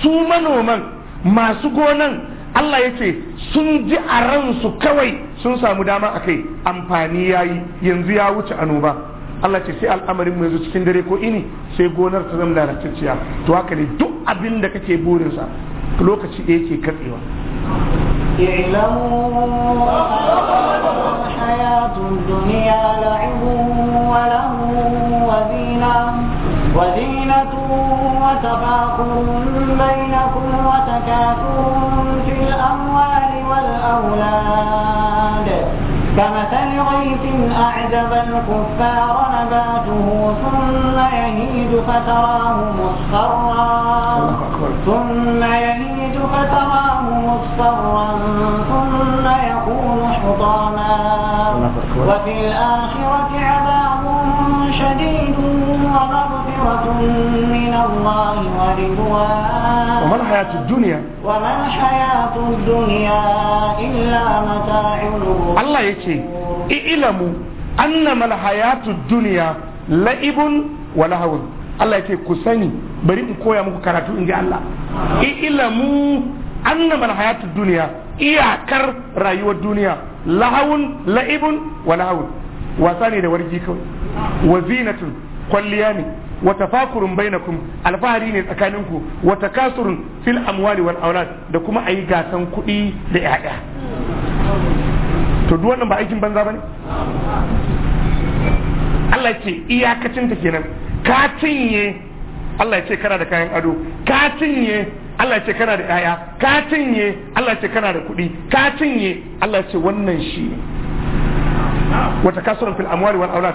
su manoman masu gonan Allah yace sun ji a ransu kawai sun samu dama kai. amfani yayi yanzu ya wuce annoba Allah ce sai al'amarin mu yanzu cikin dare ko ini sai gonar ta zama lalatacciya to haka ne duk abin da kake burinsa lokaci ɗaya ke katsewa اعلموا الحياة الدنيا لعب وله وزينة وزينة وتفاخر بينكم وتكاثر في الأموال والأولاد كمثل غيث أعجب الكفار نباته ثم يهيج فتراه مصفرا ثم يهيج تراه مصفرا ثم يكون حطاما وفي الآخرة عذاب شديد ومغفرة من الله ورضوان وما الحياة الدنيا وما الحياة الدنيا إلا متاع الله يتي اعلموا أنما الحياة الدنيا لعب ولهو Allah ya ce ku sani bari in koya muku karatu in ji Allah ilamu annamal hayatud duniya iyakar rayuwar duniya lahawun la'ibun wa lahawun wasa ne da wargi kawai wa zinatun kwalliya ne wa tafakurun bainakum alfahari ne tsakaninku wa takasurun fil amwali wal aulad da kuma ayi gasan kuɗi da ƴaƴa to duk wannan ba aikin banza bane Allah ce iyakacin ta kenan ka cinye Allah ya ce kana da kayan ado ka cinye Allah ce kana da ƴaƴa ka cinye Allah ce kana da kuɗi ka cinye Allah ce wannan shi ne wata kasuran fil amwali wal aulad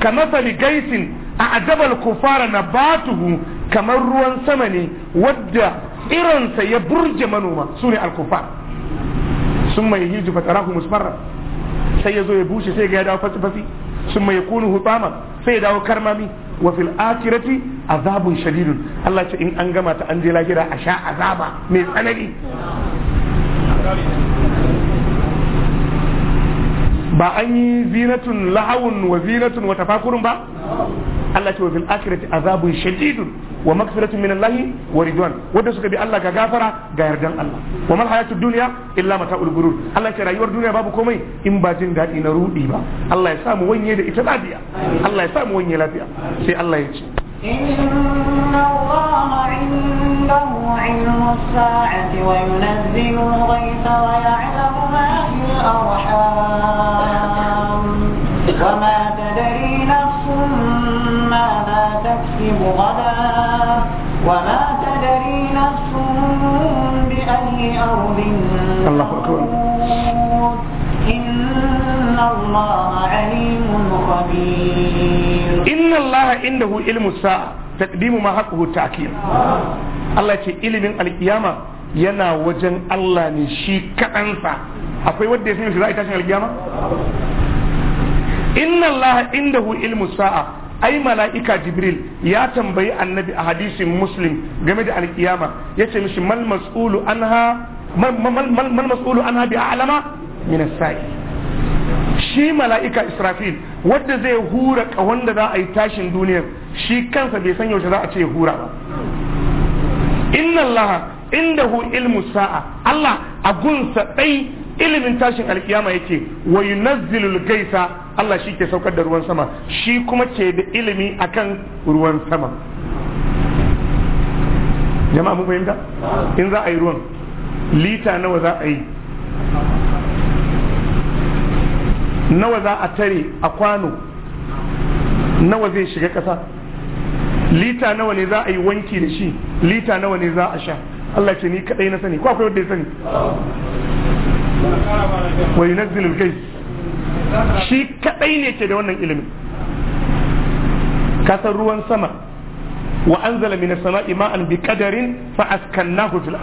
kamathali gaisin a ajabal kufara batuhu kamar ruwan sama ne wadda irinsa ya burge manoma su ne alkufar sun mai hiju fatarahu musmarra sai ya zo ya bushe sai ga ya dawo fasi-fasi sun mai kunu hutama sai ya dawo karmami wa fil akhirati azabun shadidun Allah ce in an gama ta an je lahira a sha azaba mai tsanani ba an yi zinatun lahawun wa zinatun wa tafakurun ba Allah ce wa fil akhirati azabun shadidun ومغفرة من الله ورضوان ودسك بي الله غافرا غيردن الله وما الحياة الدنيا إلا متاع الغرور الله يرى يور الدنيا باب كومي إن باجن دائي نرو إيبا الله يسام وين يدي إتبادية الله يسام وين يلابية سي الله يجي إن الله عنده علم الساعة وينزل الغيث ويعلم ما في الأرحام وما تدري نفس ماذا تكسب غدا وما تدري نفس بأي أرض الله أكبر إن الله عليم خبير إن الله عنده علم الساعة تقديم ما حقه التأكيد Allah ce ilimin alkiyama yana wajen Allah ne shi kaɗansa akwai wadda ya sanya shi za a yi tashin alkiyama? inda hu ilmu sa'a ai mala'ika jibril ya tambayi annabi a hadisin muslim game da alkiyama ya ce mishi mal mas'ulu anha mal mas'ulu anha bi a'lama min as-sa'i shi mala'ika israfil wanda zai hura kahon da za a yi tashin duniyar shi kansa bai san yaushe za a ce hura ba inna allah indahu ilmu sa'a allah a gunsa dai ilimin tashin alkiyama yake wa yunazzilul gaisa Allah shi ke saukar da ruwan sama shi kuma ke da ilimi akan ruwan sama jama'a mun fahimta in za a yi ruwan lita nawa za a yi nawa za a tare a kwano nawa zai shiga ƙasa lita nawa ne za a yi wanki da shi lita nawa ne za a sha Allah ce ni kadai na sani ko akwai wanda ya sani Wani nazilin kai shi kadai ne ke da wannan ilimin kasar ruwan sama wa anzala min as-sama'i ma'an bi qadarin fa askannahu fil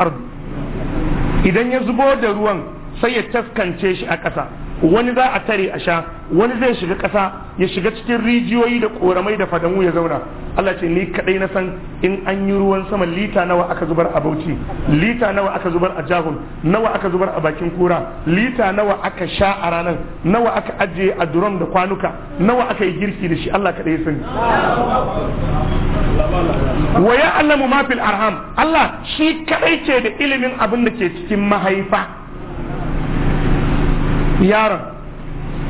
idan ya zubo da ruwan sai ya taskance shi a ƙasa wani za a tare a sha wani zai shiga ƙasa ya shiga cikin rijiyoyi da ƙoramai da fadamu ya zauna Allah ce ni kadai na san in an yi ruwan sama lita nawa aka zubar a Bauchi lita nawa aka zubar a Jahun nawa aka zubar a bakin kura lita nawa aka sha a ranar nawa aka ajiye a durom da kwanuka nawa aka yi girki da shi Allah kadai ya sani wa ya'lamu ma fil arham Allah shi kadai ce da ilimin abin da ke cikin mahaifa yaron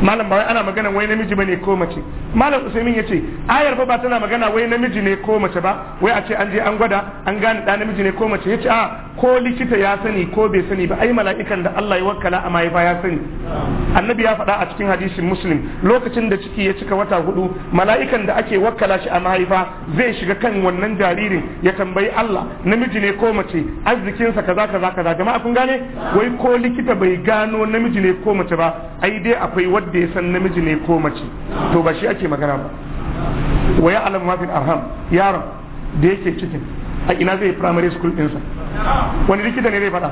malam ba ana magana wai namiji bane ko mace malam usaimin yace ayar fa ba tana magana wai namiji ne ko mace ba wai a ce an je an gwada an gane da namiji ne ko mace yace a ah, ko likita ya sani ko bai sani ba ai mala'ikan da Allah ya wakkala a mahaifa ya sani annabi ya faɗa a cikin hadisin muslim lokacin da ciki ya cika wata hudu mala'ikan da ake wakkala shi a mahaifa zai shiga kan wannan jaririn ya tambayi Allah namiji ne ko mace arzikinsa kaza kaza kaza jama'a kun gane wai ko likita bai gano namiji ne ko mace ba ai dai akwai wanda ya san namiji ne ko mace to ba shi ake magana ba wa ya alam mafi arham yaron da yake cikin a ina zai primary school dinsa wani likita ne zai faɗa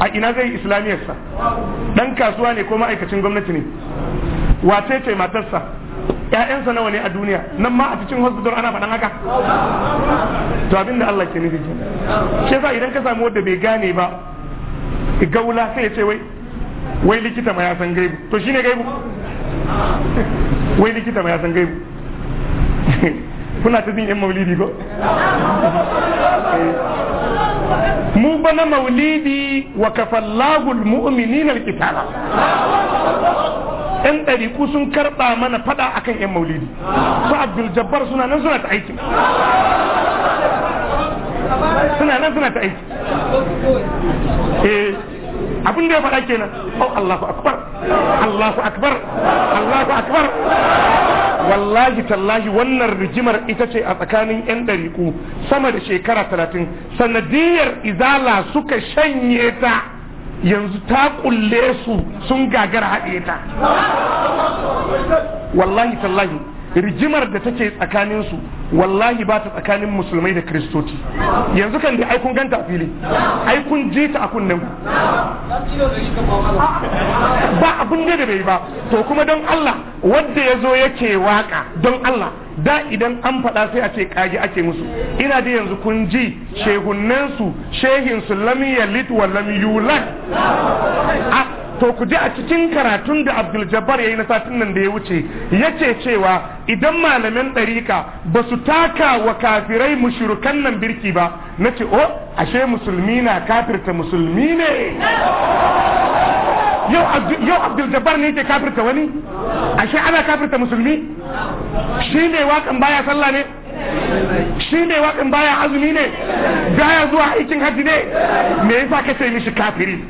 a ina zai islamiyarsa ɗan kasuwa ne ko ma'aikacin gwamnati ne wace ce matarsa ‘ya'yansa nawa ne a duniya nan ma a cikin hospital ana faɗan haka to abin da Allah ke nufi ke sa idan ka samu wanda bai gane ba gaula sai ya ce wai wai likita ma ya san gaibu to shine gaibu wai likita ma ya san gaibu kuna ta jin yan maulidi ko mu bana maulidi wa kafallahu almu'minina alqitala yan ɗariku sun karɓa mana faɗa akan yan maulidi su abdul jabbar suna nan suna ta aiki suna nan suna ta aiki eh abin da ya faɗa kenan oh Allahu akbar Allahu akbar Allahu akbar wallahi tallahi wannan rijimar ita ce a tsakanin yan ɗariƙu sama da shekara talatin sanadiyar izala suka shanye ta yanzu ta kulle su sun gagara haɗe ta wallahi tallahi rijimar da take tsakanin su wallahi ba ta tsakanin musulmai da kristoci yanzu kan da ai kun ganta a fili ai kun a kunnen ba abun da bai ba to kuma don Allah wanda ya zo yake waka don Allah da idan an faɗa sai a ce kage ake musu ina da yanzu kun ji shehunnensu shehin su lam yalid wa lam yulad to ku ji a cikin karatun da Abdul Jabbar yayi na satin nan da ya wuce yace cewa idan malamin ɗarika ba su taka wa kafirai mushrikan nan birki ba nace oh ashe musulmi na kafirta musulmi ne yau Abdul Jabbar ne yake kafirta wani ashe ana kafirta musulmi shi ne wakan baya sallah ne shi ne waɗin baya azumi ne baya zuwa aikin hajji ne me yasa kace mishi kafiri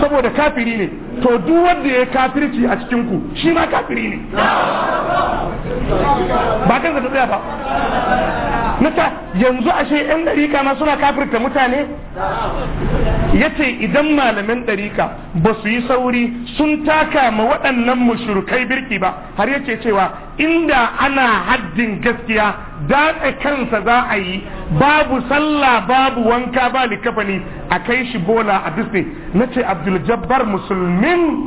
saboda kafiri ne to duk wanda ya kafirci a cikin ku shi ma kafiri ne ba kan zata tsaya ba nata yanzu ashe yan dariƙa ma suna kafirta mutane yace idan malamin dariƙa ba su yi sauri sun taka ma waɗannan mushrikai birki ba har yake cewa inda ana haddin gaskiya datse kansa za a yi babu sallah babu wanka ba ni, a kai shi bola a disney na ce abdul-jabbar musulmin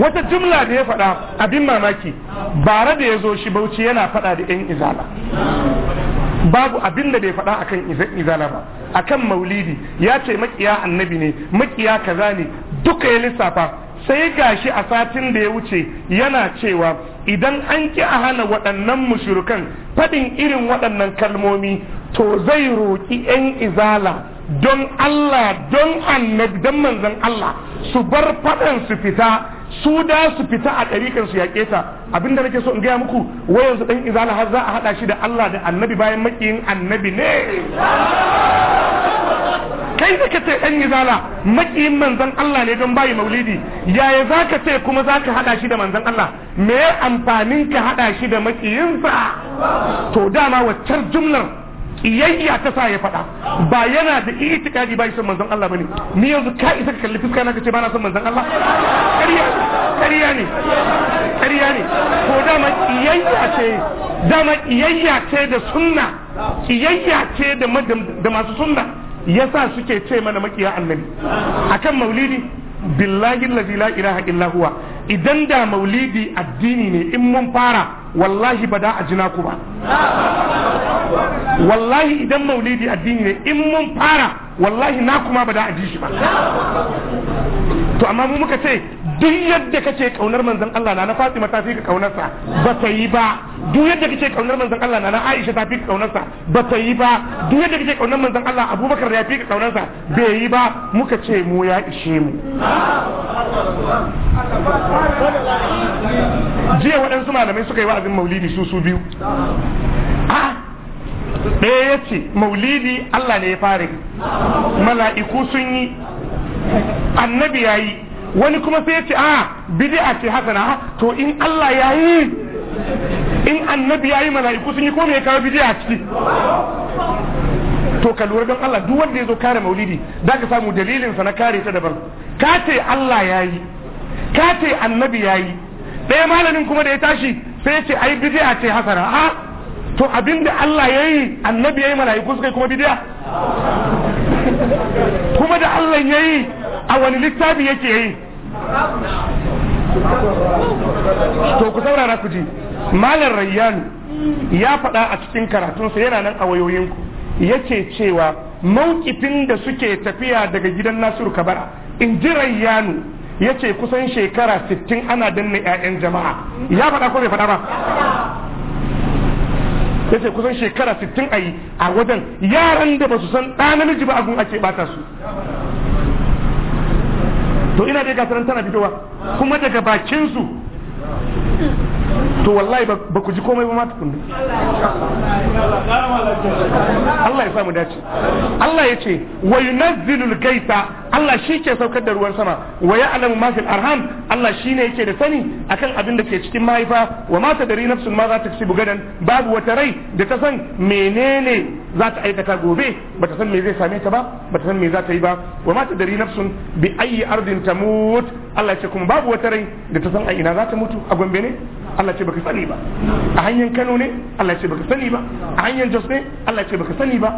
wata jumla da ya faɗa abin mamaki bare da ya zo shi bauchi yana faɗa da 'yan izala babu abin da bai faɗa akan izala ba akan maulidi ya ce makiya annabi ne makiya kaza ne duka ya lissafa sai gashi a satin da ya wuce yana cewa idan an ki a hana waɗannan mushrikan faɗin irin waɗannan kalmomi to zai roƙi 'yan izala don Allah don annabi don manzon Allah su bar faɗan su fita su da su fita a ɗarikan su yaƙe ta abinda nake so in gaya muku wayansu ɗan izala har za a haɗa shi da Allah da annabi bayan makiyin annabi ne kai da ka ce ɗan izala makiyin manzan Allah ne don bayi maulidi yaya za ka ce kuma za ka haɗa shi da manzan Allah me amfanin ka haɗa shi da makiyinsa to dama waccar jumlar Iyayya ta sa ya faɗa ba yana da itikadi ba san manzon Allah bane ni yanzu ka isa ka kalli fuska na kace ba na san manzon Allah ƙarya ƙarya ne ƙarya ne ko dama iyayya ce dama ce da sunna iyayya ce da masu sunna yasa suke ce mana makiya annabi akan maulidi billahi la ilaha illa huwa idan da maulidi addini ne in mun fara wallahi ba da a jina ku ba wallahi idan maulidi addini ne in mun fara wallahi na kuma ba da a ji shi ba to amma mu muka ce duk yadda kake kaunar manzon Allah na na Fatima ta fi ka sa ba ta yi ba duk yadda kace kaunar manzon Allah na Aisha ta fi ka sa ba ta yi ba duk yadda kake kaunar manzon Allah Abubakar ya fi ka sa bai yi ba muka ce mu ya ishe mu jiya waɗansu malamai suka yi wa'azin maulidi su su biyu ɗaya ya ce maulidi Allah ne ya fara mala'iku sun yi annabi ya yi wani kuma sai ya ce a ah, bid'a ce hasana to in Allah ya yi in annabi ya yi mala'iku sun yi ko ya kawo bid'a ciki to ka lura don Allah duk wanda ya zo kare maulidi da ka samu dalilin sa na kare ta daban ka ce Allah ya yi ka ce annabi ya yi ɗaya malamin kuma da ya tashi sai ya ce ai bid'a ce hasana a ah, to da Allah ya yi annabi ya yi mala'iku suka yi kuma bid'a kuma da Allah ya yi a wani littafi yake yi to ku saurara ku ji malam rayyan ya faɗa a cikin karatunsa yana nan a wayoyinku yake cewa mawkifin da suke tafiya daga gidan nasiru kabara in ji rayyanu ya ce kusan shekara 60 ana danna 'ya'yan jama'a ya faɗa ko bai faɗa ba ya ce kusan shekara 60 a yi a wajen yaran da ba su san ɗa namiji ba abun ake bata su to ina dai gasar tana fitowa kuma daga bakin su to wallahi ba ku ji komai ba ma tukunni Allah ya samu dace Allah ya ce wa yunazzilul gaita Allah shi ke saukar da ruwan sama wa ya'lamu ma fil arham Allah shi ne yake da sani akan abin da ke cikin mahaifa wa ma tadri nafsun ma za ta kisi bugadan babu wata rai da ta san menene za ta aikata gobe ba ta san me zai same ta ba ba ta san me za ta yi ba wa ma tadri nafsun bi ayi ardin tamut Allah ya ce kuma babu wata rai da ta san a ina za ta mutu mutu a gombe ne Allah ce baka sani ba a hanyar Kano ne Allah ce baka sani ba a hanyar Jos ne Allah ce baka sani ba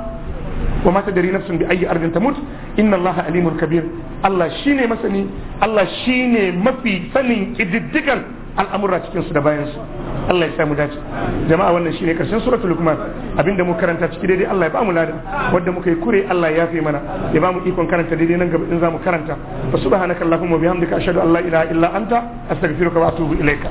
wa ma tadri nafsun bi ayyi ardin tamut inna Allah alimul kabir Allah shine masani Allah shine mafi sanin kididdigan al'amura cikin su da bayan su Allah ya samu dace jama'a wannan shine karshen suratul lukman abinda mu karanta ciki daidai Allah ya bamu lada ladan wanda muka yi kure Allah ya yafe mana ya ba mu ikon karanta daidai nan gaba in zamu karanta fa subhanaka allahumma wa bihamdika ashhadu an la ilaha illa anta astaghfiruka wa atubu ilaika